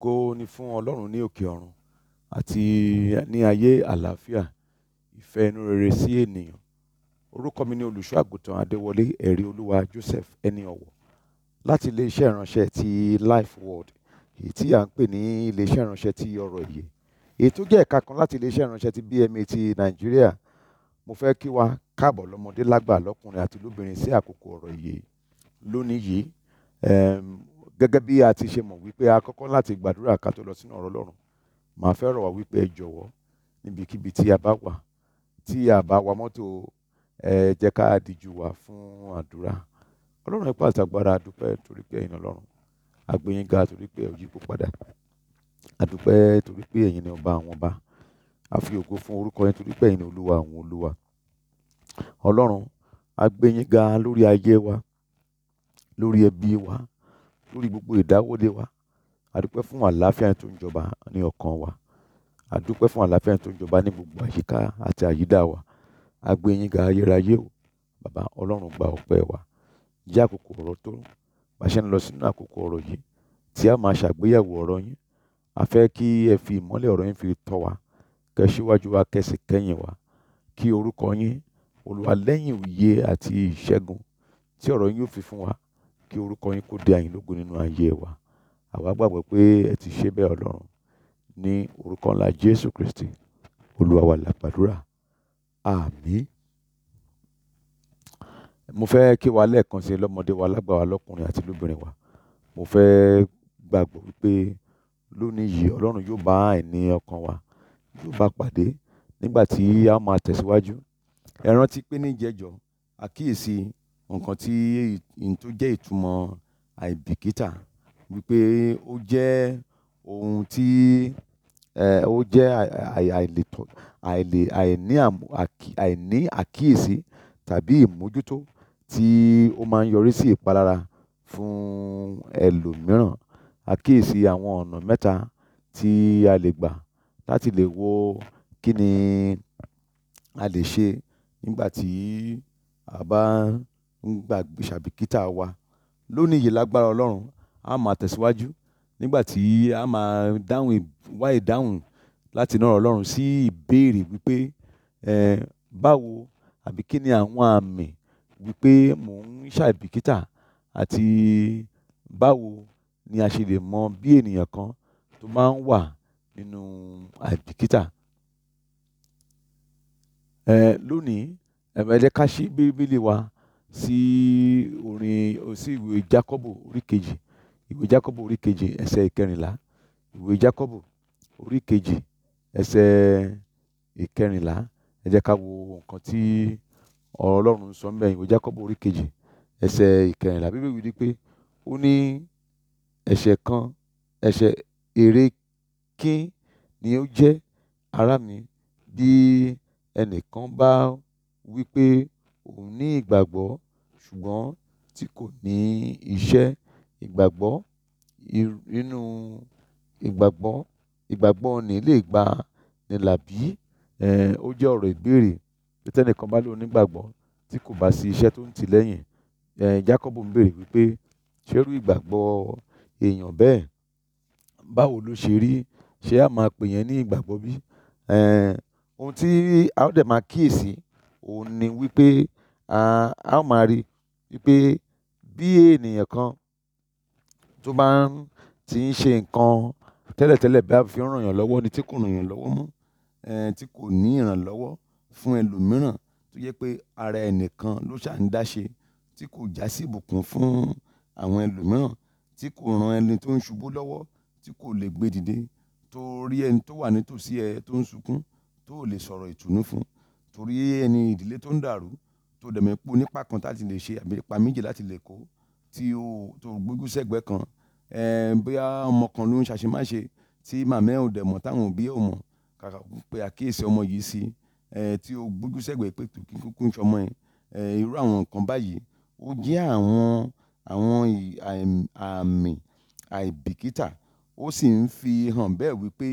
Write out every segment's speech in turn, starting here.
Ògo ni fún Ọlọ́run ní òkè ọ̀run àti ní ayé àlàáfíà ìfẹ́ inú rere sí ènìyàn. Orúkọ mi ni olùṣọ́ àgùntàn Adéwọlé ẹ̀rí olúwa Joseph ẹni ọ̀wọ̀ láti iléeṣẹ́ ìránṣẹ́ ti Life Word èyí tí à ń pè ní iléeṣẹ́ ìránṣẹ́ ti ọ̀rọ̀ ìyè èyí tó jẹ́ ẹ̀ka kan láti iléeṣẹ́ ìránṣẹ́ ti BMA ti Nàìjíríà mo fẹ́ kí wa káàbọ̀ lọ́mọdé lágbà lọ́kùnrin àti lóbìnrin sí àkókò ọ̀rọ̀ ìyè lónìí yìí gẹ́gẹ́ bí a ti ṣe mọ̀ wípé a kọ́kọ́ láti gbàdúrà ká tó lọ sínú ọ̀rọ̀ Ọlọ́run màá fẹ́ rọ̀ wá wípé ẹ jọ̀wọ́ níbikíbi tí a bá wà tí a bá wa mọ́tò ẹ jẹ́ ká díjú wa fún àdúrà Ọlọ́run ipá àtàgbára àdúpẹ́ torí pé ẹ̀yin Ọlọ́run àgbẹ̀yìn ga torí pé ẹ ò yípo padà àdúpẹ́ torí pé ẹ̀yin ni ọba àwọn ọba àfi ògo fún orúkọ yẹn torí pé ẹ̀yin ni olúwa àwọn olúwa Ọlọ́run àgbẹ̀yìn ga lórí ayé wa lórí ẹbí wa lórí gbogbo ìdáwọ́lé wa a dúpẹ́ fún àlàáfíà tó ń jọba ní ọkàn wa a dúpẹ́ fún àlàáfíà tó ń jọba ní gbogbo àyíká àti àyídà wa a gbé yín ga ayérayé o bàbá ọlọ́run gba ọpẹ́ wa jẹ́ àkókò ọ̀rọ̀ tó bá ṣe ń lọ sínú àkókò ọ̀rọ̀ yìí tí a máa ṣàgbéyẹ̀wò ọ̀rọ̀ yín a fẹ́ kí ẹ fi ìmọ́lẹ̀ ọ̀rọ̀ yín fi tọ́ wa kẹ́ síwájú wa kẹ́ sì wa kí orúkọ yín olùwàlẹ́yìn òye àti ìṣẹ́gun tí ọ̀rọ̀ yín yóò fi fún wa kí orúkọ yín kó di àyìn lógo nínú ayé wa. Àwa gbàgbọ́ pé ẹ ti ṣe bẹ́ẹ̀ Ọlọ́run. Ní orúkọ ńlá Jésù Kristi, Olúwa wa là gbàdúrà. Àmín. Mo fẹ́ kí wa lẹ́ẹ̀kan sí lọ́mọdé wa lágbà wa lọ́kùnrin àti lóbìnrin wa. Mo fẹ́ gbàgbọ́ wípé lónìí yìí Ọlọ́run yóò bá àìní ọkàn wa, yóò bá pàdé nígbà tí a máa tẹ̀síwájú. Ẹ rántí pé ní ìjẹ́jọ́, àkíyèsí nǹkan tí n tó jẹ́ ìtumọ̀ àìbìkítà wípé ó jẹ́ ohun tí, ẹ́, ó jẹ́ àìletọ̀, àìlè, àìní àmú, àìní àkíyèsí tàbí ìmójútó tí ó máa ń yọrí sí ìpalára fún ẹlòmíràn. Àkíyèsí àwọn ọ̀nà mẹ́ta tí a lè gbà láti lè wo kín a lè ṣe nígbà tí a bá nígbà ìṣàbìkítà wa. Lónìí yìí lágbára Ọlọ́run, a máa tẹ̀síwájú nígbà tí a máa dáhùn, wá ìdáhùn láti inu oro Ọlọ́run sí ìbéèrè wípé, báwo àbí kí ni àwọn àmì wípé mò ń ṣàbìkítà àti báwo ni a ṣe lè mọ bí ènìyàn kan tó máa ń wà nínú àìbìkítà. lónìí, ẹ jẹ́ ká ṣí Bíbélì wa sí orin sí ìwé Jákọ́bù orí kejì ìwé Jákọ́bù orí kejì ẹsẹ̀ ìkẹrìnlá ìwé Jákọ́bù orí kejì ẹsẹ̀ ìkẹrìnlá ẹ jẹ́ ká wo nǹkan tí Ọlọ́run sọ ńbẹ̀ ìwé Jákọ́bù orí kejì ẹsẹ̀ ìkẹrìnlá bíbélì wí pé ó ní ẹ̀ṣẹ̀ kan ẹ̀ṣẹ̀ èrè kín ni ó jẹ́ ará mi bí ẹnìkan bá wí pé òun ní ìgbàgbọ́ ṣùgbọ́n tí kò ní iṣẹ́. Ìgbàgbọ́ nínú ìgbàgbọ́, ìgbàgbọ́ ni lè gba ni làbí. Ehn, ó jẹ́ ọ̀rọ̀ ìbéèrè. Bí tẹ́ní kan bá ló ní ìgbàgbọ́ tí kò bá sí iṣẹ́ tó ń ti lẹ́yìn. Ehn, Jákọ́bù ń béèrè wípé ṣé irú ìgbàgbọ́ èèyàn bẹ́ẹ̀ báwo ló ṣe rí? Ṣé a máa pè yẹn ní ìgbàgbọ́ bí? ohun tí a ó dẹ̀ máa kíyèsi òun ni wípé a ó máa rí wípé bí ènìyàn kan tó bá ń ti ń ṣe nǹkan tẹ́lẹ̀tẹ́lẹ̀ bá fi ń ràn yàn lọ́wọ́ ni tí kò ràn yàn lọ́wọ́ mọ́, ẹ́ tí kò ní ìrànlọ́wọ́ fún ẹlòmíràn tó jẹ́ pé ara ẹnìkan ló ṣà ń dá ṣe tí kò jásí ìbùkún fún àwọn ẹlòmíràn, tí kò ran ẹni tó ń ṣubú lọ́wọ́, tí kò lè gbé dìde, tó rí ẹni tó wà nítòsí ẹ tó ń sunkún, tó lè sọ̀rọ̀ ìtùnú fún, torí ẹni ìdílé tó ń dàrú tó dẹ̀ mọ̀ pé onípa kan láti lè ṣe àbí ipa méjì láti lè kó tí o tó gbójú sẹ́gbẹ́ kan bóyá ọmọ kan ló ń ṣàṣemáṣe tí màmá ẹ̀ ò dẹ̀ mọ̀ táwọn òbí ẹ̀ ò mọ̀ kàkà pé àkíyèsí ọmọ yìí sí tí o gbójú sẹ́gbẹ́ pé kí kúkú ń ṣọmọ ẹ̀ irú àwọn nǹkan báyìí ó jẹ́ àwọn àwọn àmì àìbìkítà ó sì ń fi hàn bẹ́ẹ̀ wípé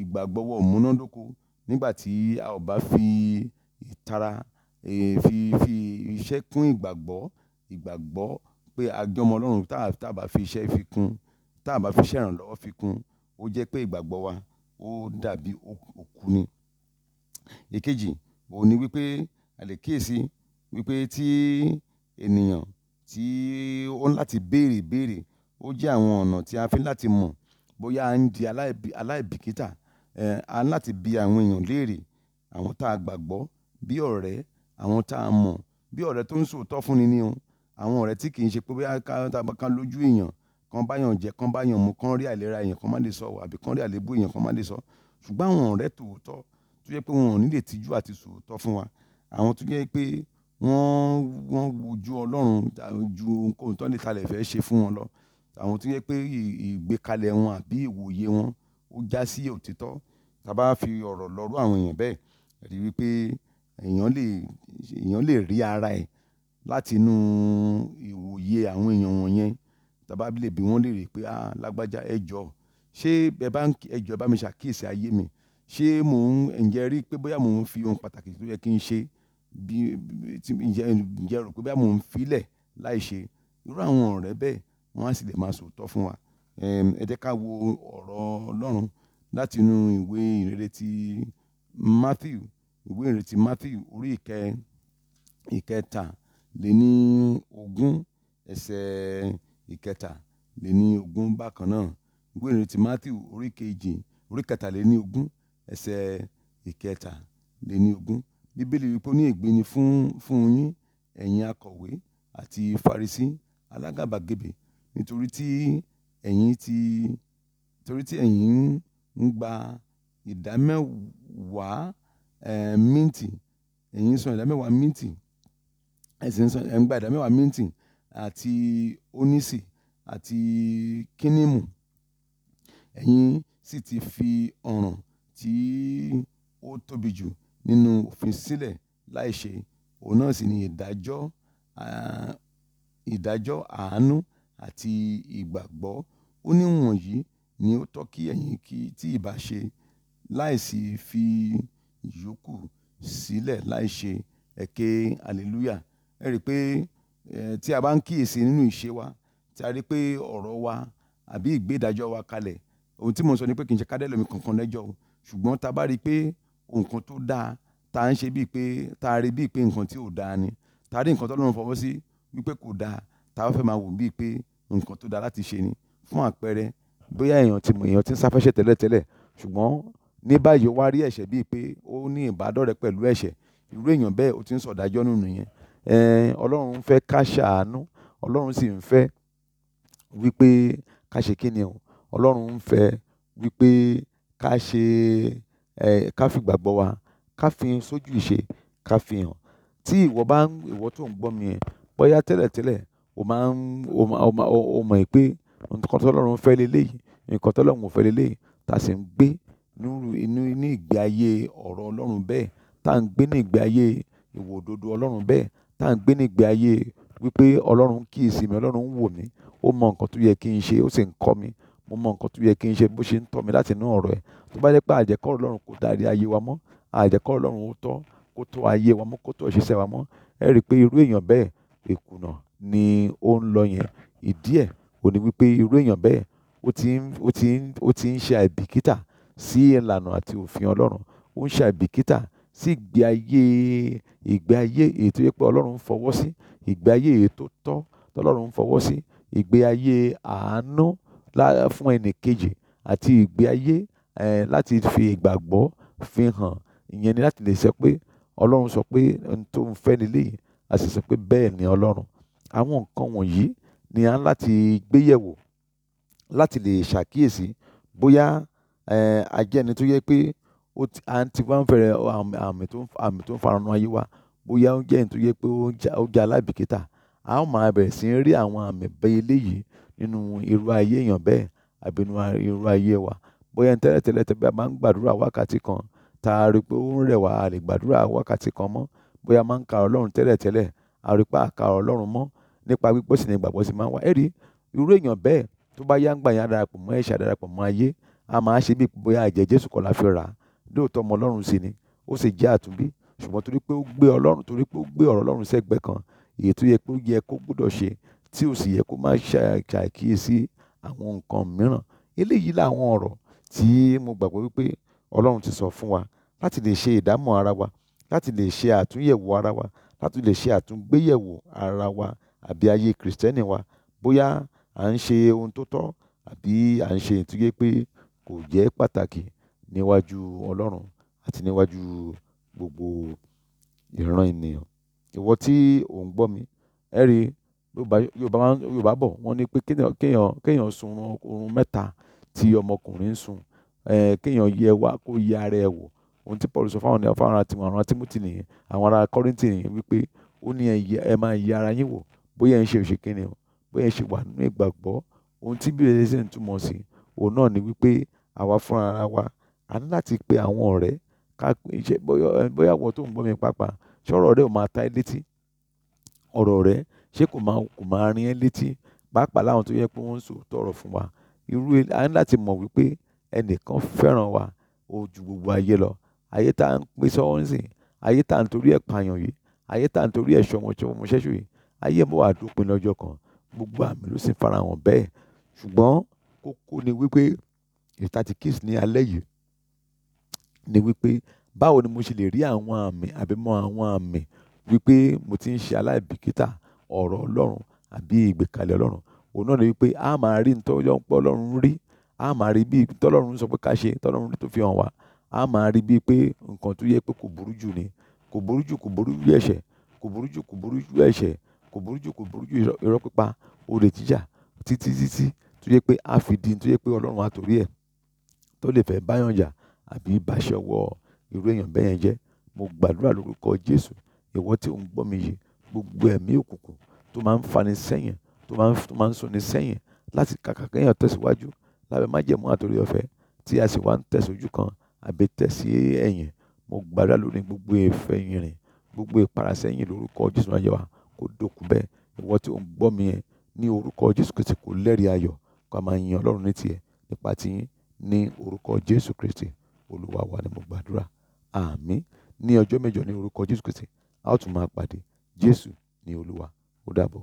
ìgbàgbọ́ wa ò múnádóko nígbà tí a ò bá fi ìtara fi fi iṣẹ́ kún ìgbàgbọ́, ìgbàgbọ́ pé a jẹ́ ọmọ Ọlọ́run tá a bá fi iṣẹ́ fi kún, tá a bá fi iṣẹ́ ìrànlọ́wọ́ fi kún, ó jẹ́ pé ìgbàgbọ́ wa ó dàbí òkú ni. Èkejì, òun ni wípé a lè kíyèsi wípé tí ènìyàn tí ó ní láti béèrè béèrè, ó jẹ́ àwọn ọ̀nà tí a fi ń láti mọ̀ bóyá a ń di aláìbìkítà. A ní láti bi àwọn èèyàn léèrè, àwọn tá a gbàgbọ́ bí ọ̀rẹ́ àwọn tá a mọ̀ bí ọ̀rẹ́ tó ń sòótọ́ fún ni ni o àwọn ọ̀rẹ́ tí kì í ṣe pé bóyá kan lójú èèyàn kan báyàn jẹ kan báyàn mu kan rí àìlera èèyàn kan má lè sọ àbí kan rí àléébù èèyàn kan má lè sọ ṣùgbọ́n àwọn ọ̀rẹ́ tòótọ́ tó yẹ pé wọn ò ní lè tijú àti sòótọ́ fún wa àwọn tó yẹ pé wọ́n wọ́n wojú ọlọ́run ju ohunkóhun tó lè talẹ̀ fẹ́ ṣe fún wọn lọ àwọn tó yẹ pé ìgbékalẹ̀ wọn àbí ìwòye wọn ó já sí òtítọ́ tá a bá fi ọ̀rọ̀ lọ́rú àwọn èèyàn bẹ́ẹ̀ rí wípé Èèyàn lè, èèyàn lè rí ara ẹ̀ láti inú ìwòye àwọn èèyàn wọ̀nyẹn. Tí a bá lè bi wọ́n léèrè pé, "à ah, lágbájá ẹ jọ, ṣé ẹ bá ń kí, ẹ jọ ẹ bá mi ṣàkíyèsí ayé mi. Ṣé mò ń, ǹjẹ́ ẹ rí pé bóyá mò ń fi ohun pàtàkì tó yẹ kí n ṣe bí, tí ǹjẹ́, ǹjẹ́ ẹ rò pé bóyá mò ń fi í lẹ̀ láì ṣe?" Irú àwọn ọ̀rẹ́ bẹ́ẹ̀ wọ́n á sì lè máa sòótọ́ fún wa. Ẹ jẹ́ ká wo ọ̀rọ̀ Ọlọ́run láti inú ìwé ìrere ti Matthew ìwé ìrètí Matthew orí ìkẹ ìkẹta lé ní ogún ẹsẹ̀ ìkẹta lé ní ogún bákan náà ìwé ìrètí Matthew orí kejì orí kẹta lé ní ogún ẹsẹ̀ ìkẹta lé ní ogún bíbélì wípé ó ní ègbé ni fún fún yín ẹ̀yin akọ̀wé àti Farisí alágàbàgebè nítorí tí ẹ̀yin ti torí tí ẹ̀yin ń gba ìdámẹ́wàá Eh, míǹtì ẹ̀yin san ìdá mẹ́wàá míǹtì ẹ̀sìn san ẹ̀ ń gba ìdá mẹ́wàá míǹtì àti onísì àti kínímù ẹ̀yin sì ti fi ọ̀ràn tí ó tóbi jù nínú òfin sílẹ̀ láìṣe òun náà sì ni ìdájọ́ ìdájọ́ àánú àti ìgbàgbọ́ ó ní ni ó tọ́ kí ẹ̀yin kí tí ìbá ṣe láìsí fi ìyókù sílẹ̀ láìṣe ẹ ké hallelujah. Ẹ rí i pé tí a bá ń kíyèsí nínú ìṣe wa tí a rí i pé ọ̀rọ̀ wa àbí ìgbédájọ́ wa kalẹ̀ ohun tí mo ń sọ ni pé kì í ṣe ká dá ẹlòmíì kankan lẹ́jọ́ o ṣùgbọ́n tá a bá rí i pé nǹkan tó dáa tá a ń ṣe bíi pé tá a rí bíi pé nǹkan tí ò dáa ni tá a rí nǹkan t'Ọlọ́run fọwọ́ sí wípé kò dáa tá a fẹ́ máa wò bíi pé nǹkan tó dáa láti ṣe ni fún àpẹẹrẹ bóyá èèyàn ti mọ èèyàn ti ń sáfẹ́ṣẹ́ tẹ́lẹ̀tẹ́lẹ̀ ṣùgbọ́n ní báyìí ó wá rí ẹ̀ṣẹ̀ bíi pé ó ní ìbádọ́rẹ̀ẹ́ pẹ̀lú ẹ̀ṣẹ̀ irú èèyàn bẹ́ẹ̀ ó ti ń sọ̀dájọ́ nínú yẹn ọlọ́run fẹ́ ká ṣàánú ọlọ́run sì ń fẹ́ wípé ká ṣe kí ni o ọlọ́run ń fẹ́ wípé ká ṣe ká fi gbàgbọ́ wa ká fi sójú ìṣe ká fi hàn tí ìwọ bá ń ìwọ tó ń gbọ́ mi yẹn bóyá tẹ́lẹ̀tẹ́lẹ̀ o máa ń o mọ̀ pé nǹkan tó lọ́run fẹ́ leléyìí nǹkan tó lọ́run ò fẹ́ leléyìí tá a sì ń gbé nírú inú ní ìgbé ayé ọ̀rọ̀ Ọlọ́run bẹ́ẹ̀, tá ń gbé ní ìgbé ayé ìwò òdodo Ọlọ́run bẹ́ẹ̀, tá ń gbé ní ìgbé ayé wípé Ọlọ́run ń kíyèsi mi, Ọlọ́run ń wò mí, ó mọ nǹkan tó yẹ kí n ṣe, ó sì ń kọ́ mi. Mo mọ nǹkan tó yẹ kí n ṣe bó ṣe ń tọ́ mi láti inú ọ̀rọ̀ ẹ̀. Tó bá jẹ́ pé àjẹ́kọ́ ọ̀rọ̀ Ọlọ́run kò dárí ayé wa mọ́, àjẹ́kọ́ Ọlọ́run ó tọ́, kó tó ayé wa mọ́, kó tó iṣẹ́ wa mọ́, ẹ rí pé irú èèyàn bẹ́ẹ̀, ìkùnà ni ó ń lọ yẹn. Ìdí ẹ̀, òní wípé irú èèyàn bẹ́ẹ̀, ó ti ń, ṣe àìbíkítà sí ìlànà àti òfin ọlọ́run ó ń ṣàìbìkítà sí ìgbé ayé ìgbé ayé èyí tó yẹ pé ọlọ́run ń fọwọ́ sí ìgbé ayé èyí tó tọ́ tọ́lọ́run ń fọwọ́ sí ìgbé ayé àánú fún ẹnì kejì àti ìgbé ayé láti fi ìgbàgbọ́ fi hàn ìyẹn ni láti lè sọ pé ọlọ́run sọ pé n tó ń fẹ́ leléyìí a sì sọ pé bẹ́ẹ̀ ni ọlọ́run àwọn nǹkan wọ̀nyí ni a ń láti gbéyẹ̀wò láti lè ṣàkíyèsí bóyá Eh, a jẹ́ ẹni tó yẹ pé a ti wá ń fẹ̀rẹ̀ àmì tó ń farahàn ayé wa bóyá ó jẹ́ ẹni tó yẹ pé ó jẹ́ alábìkítà a ó máa bẹ̀rẹ̀ sí í rí àwọn àmì bẹ́ẹ̀ eléyìí nínú irú ayé èèyàn bẹ́ẹ̀ àbí nínú irú ayé wa bóyá ẹni tẹ́lẹ̀tẹ́lẹ̀ tẹ́ bí a máa ń gbàdúrà wákàtí kan tá a rí pé ó ń rẹ̀ wá a lè gbàdúrà wákàtí kan mọ́ bóyá a máa ń ka Ọlọ́run tẹ́lẹ̀tẹ́lẹ̀ a rí pé a ka Ọlọ́run mọ́ nípa gbígbọ́sìn ní ìgbàgbọ́sìn máa ń wá ẹ̀rí irú èèyàn bẹ́ẹ̀ tó bá yá ń gbà yẹn á darapọ̀ mọ́ ẹ̀ṣẹ̀ á darapọ̀ mọ́ ayé a máa ṣe bí bóyá ẹ̀jẹ̀ Jésù kọ́ la fi rà á lóòótọ́ ọmọ Ọlọ́run sì ni ó sì jẹ́ àtúnbí ṣùgbọ́n torí pé ó gbé Ọlọ́run torí pé ó gbé ọ̀rọ̀ Ọlọ́run sẹ́gbẹ́ kan èyí tó yẹ kó yẹ kó gbọ́dọ̀ ṣe tí ò sì yẹ kó má ṣàkíyèsí àwọn nǹkan mìíràn eléyìí làwọn ọ̀rọ̀ tí mo gbàgbọ́ wípé Ọlọ́run ti sọ fún wa láti lè ṣe ìdámọ̀ ara wa láti lè ṣe àtúnyẹ̀wò ara wa láti lè ṣe àtúngbéyẹ̀wò ara wa àbí ayé kìrìsìtẹ́nì wa bóyá à ń ṣe ohun tó tọ́ àbí à ń ṣe ìtúyẹ́ pé kò jẹ́ pàtàkì níwájú Ọlọ́run àti níwájú gbogbo ìran ènìyàn. Ìwọ tí ò ń gbọ́ mi, ẹ rí Yorùbá, Yorùbá máa ń, Yorùbá bọ̀ wọ́n ní pé kí ènìyàn, kí ènìyàn, kí ènìyàn sun orun mẹ́ta tí ọmọkùnrin ń sun. Ẹ̀, kí ènìyàn yẹ wá kó yẹ ara ẹ wò. Ohun tí Paul sọ fún àwọn, fún àwọn àwọn Timothy nìyẹn, àwọn ará Kọ́ríńtì nìyẹn wípé ó ní ẹ máa yẹ ara yín wò bóyá ń ṣe òṣèké ni o, bóyá ẹ ṣe wà nínú ìgbàgbọ́. Ohun tí Bíbélì sì ń túmọ̀ sí òun náà ni wípé àwa fúnra wa, a ní láti pe àwọn ọ̀rẹ́ ká ṣe bóyá ìwọ tó ń gbọ́ mi pàápàá, ṣé ọ̀rọ̀ rẹ ò máa ta ẹ́ létí? Ọ̀rọ̀ rẹ ṣé kò máa, kò máa rín ẹ́ létí? Pàápàá láwọn tó jẹ pé wọ́n ń sòótọ́ ọ̀rọ̀ fún wa. Irú, e, a ní láti mọ̀ wípé ẹni kan fẹ́ràn wa ju gbogbo ayé lọ. Ayé tá ń pín sọ́wọ́ nsìn, ayé tá ń torí ẹ̀ pààyàn yìí, ayé tá ń torí ẹ̀ ṣọmọ ṣọmọ ṣẹ́ṣu yìí, ayé máa wà dópin lọ́jọ́ kan. Gbogbo àmì ló sì farahàn bẹ́ẹ̀. Ṣùgbọ́n kókó ni wípé ìtàtí kiss ní alẹ́ yìí ni wípé báwo ni mo ṣe lè rí àwọn àmì àbí mọ àwọn àmì wípé mo ti ń ṣe aláìbìkítà ọ̀rọ̀ Ọlọ́run àbí ìgbékalẹ̀ Ọlọ́run òun náà ni wípé a máa rí nítorí pé Ọlọ́run rí a máa rí bí tọ́lọ́run sọ pé ká ṣe tọ́lọ́run tó fi hàn wá a máa rí bíi pé nǹkan tó yẹ pé kò burú jù ni kò burú jù kò burú jù ẹ̀ṣẹ̀ kò burú jù kò burú jù ẹ̀ṣẹ̀ kò burú jù kò burú jù irọ́ olè jíjà títí títí tó yẹ pé a fìdí tó yẹ pé ọlọ́run á torí ẹ̀ tó lè fẹ́ báyàn jà àbí ìbáṣọwọ́ irú èèyàn bẹ́yẹn jẹ́ mo gbàdúrà lórúkọ Jésù ìwọ tí ò ń gbọ́ mi yìí gbogbo ẹ̀mí òkùnkùn tó máa ń fani sẹ́yìn tó máa ń sọni sẹ́yìn láti kàkà kéèyàn tẹ̀síwájú lábẹ́ májẹ̀mú àtòrí ọ̀fẹ́ tí a sì wá ń tẹ̀sójú kan àbí tẹ̀sí ẹ̀yìn mo gbàdúrà lórí gbogbo ìfẹ́ yìí rìn gbogbo ìparasẹ́yìn lórúkọ Jésù náà yẹ wa kó dókun bẹ́ẹ̀ ìwọ tí ò ń gbọ́ mi yẹn ní orúkọ Jésù Kristi kò lẹ́rìí ayọ̀ ká máa yin Ọlọ́run ní tiẹ̀ nípa tiyín ní orúkọ Jésù Kristi. Olúwa wa ni mo gbàdúrà. Àmín. Ní ọjọ́ mẹ́jọ ní orúkọ Jésù Kristi, a ó tún máa pàdé. Jésù ni Olúwa. Ó dàbọ̀.